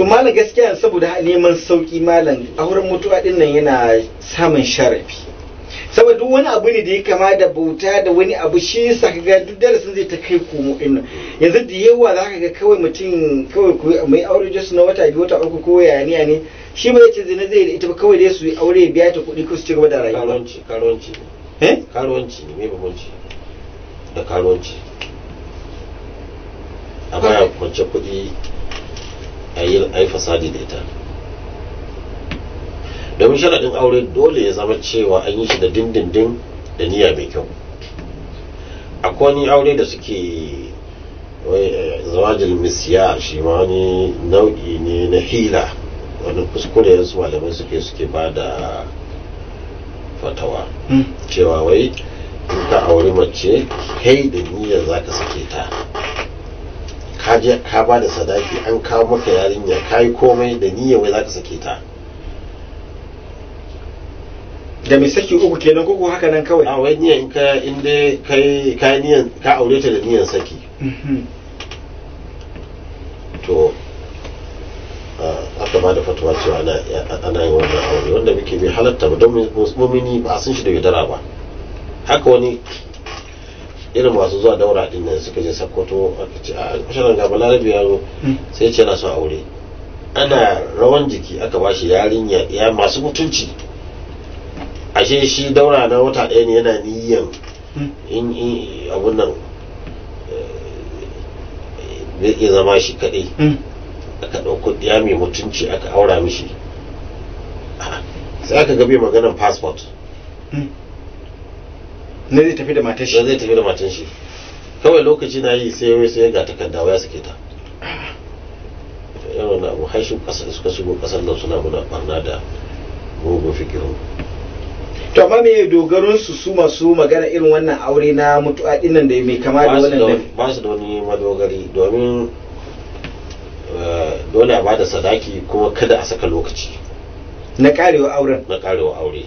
to malam gaskiya saboda neman sauki malam auren mutuwa din nan yana samun sharafi saboda duk wani abu ne da ya kama da bauta da wani abu shi yasa ka ga duk darasin zai ta kai komo din nan yanzu da yawa za ka ga kawai mutum kawai mai aure just na wata biyu wata uku ko yaya ne shi ba zai zina zai da ita ba kawai dai su yi aure biya ta kuɗi ko su ci gaba da rayuwa karuwanci karuwanci eh karuwanci ne mai bambanci da karuwanci amma ya kwance kuɗi ayi fasadi da ita domin sharaɗin aure dole ya zama cewa an yi shi da dindindin da niyya mai kyau akwai wani aure da suke eh, zawajin misiya shi ma wani nau'i ne na hila wani kuskure yansu malamai suke suke ba da fatawa hmm. cewa wai in ka aure mace kai da niyyar za ka sake ta ka je ka ba da sadaki an kawo maka yarinya ka yi komai da niyya wai za ka sake ta da mai saki uku kenan ko haka nan kawai a wai niyan ka inda kai ka niyan ka aure ta da niyan saki to aka ba da fatuwa cewa ana yin wannan aure wanda muke bai halatta ba don mini ba a san shi da yaudara ba haka wani irin masu zuwa daura din nan suka je sakkwato a kusurin ah, gaba larabi ya zo hmm. sai ce yana son aure ana rawan jiki aka ba shi yarinya ya masu mutunci ashe shi daura na wata ɗaya ne yana niyan hmm. in abun nan eh, zai iya zama shi kaɗai hmm. aka ɗauko ya mai mutunci aka aura mishi sai aka gabe maganar passport na zai tafi da matan shi zai tafi da matan shi kawai lokaci na yi sai wai sai ga takarda waya suke ta yawon abu har kasar suka shigo kasar nan suna muna barna da mugun fikirin to amma me dogaron su su masu magana irin wannan aure na mutuwa dinnan da mai kama da wannan da ba su da wani madogari domin eh, dole a bada sadaki kuma kada a saka lokaci na karewa auren na karewa aure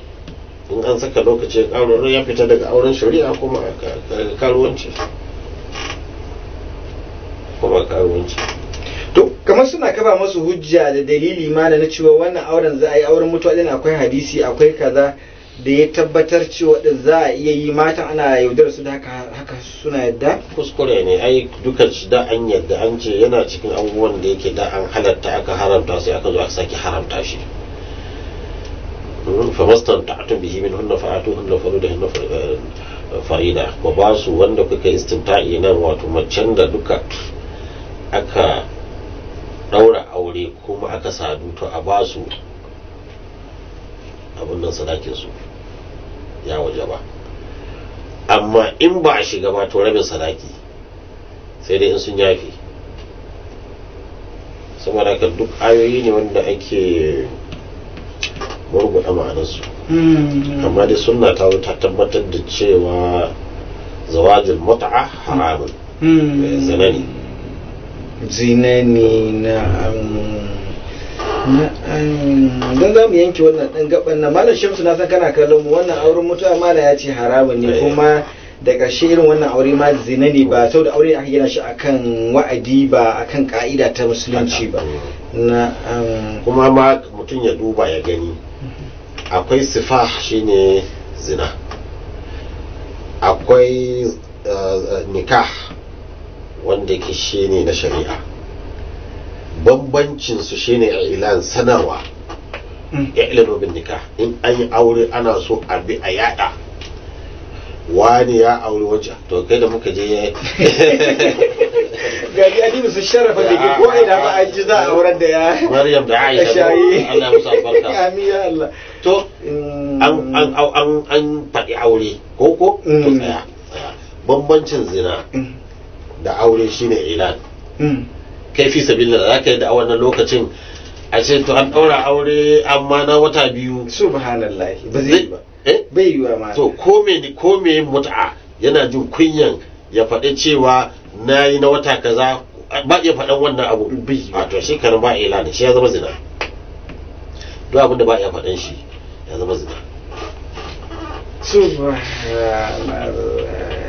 in an saka lokacin ƙaruwar ya fita daga auren shari'a kuma a karuwanci kuma karuwanci to kamar suna kafa masu hujja da dalili ma na cewa wannan auren za a yi auren mutuwa ɗin akwai hadisi akwai kaza da ya tabbatar cewa da za a iya yi matan ana yaudar su da haka suna yadda kuskure ne ai duka da an yadda an ce yana cikin abubuwan da yake da an halatta aka haramta sai aka zo aka sake haramta shi fa ta'atun bihi min hunna fa da farudahunna farida ko ba su wanda kuka istimta'i nan wato macen da duka aka daura aure kuma aka sadu to a ba su abin nan sadakin su ya waje ba amma in ba a shiga ba to rabin sadaki sai dai in sun yafi saboda haka duk ayoyi ne wanda ake gurguɗa ma'anarsu hmm. amma dai suna ta ta tabbatar da cewa zawajin mut'a haramun hmm. Zinani. Zinani na um, um, don za mu yanke wannan ɗan gaban na malam shamsu na san kana kallon mu wannan auren mutuwa mala ya ce haramun ne eh. kuma da ƙarshe irin wannan aure ma zina ne ba sau da aure aka gina shi akan wa'adi ba akan ka'ida ta musulunci ba na um, kuma ma mutum ya duba ya gani akwai sifa shine zina akwai eh, eh, nikah wanda ke shine na shari'a su shine ilan sanarwa hmm. ya ilano bin nikah in an yi aure ana so a bi a yada wani ya auri wacce to kai da muka je ya gari adibu su sharafa da ke ko ina ba an ji za a auren da ya maryam da aisha Allah musu albarka amin ya Allah to an an an an faɗi aure ko ko to mm. tsaya bambancin zina mm. da aure shine ilan mm. kai fi sabilla da zaka yi da wannan lokacin a ce to an ɗaura aure amma na wata biyu subhanallah ba zai ba Eh? bai yiwa ma to ko me ni ko me mut'a yana jin kunyan ya faɗi cewa na yi na wata kaza ba iya faɗan wannan abu bi a to shi ba ila da shi ya zama zina duk abin da ba iya faɗan shi ya zama zina subhanallah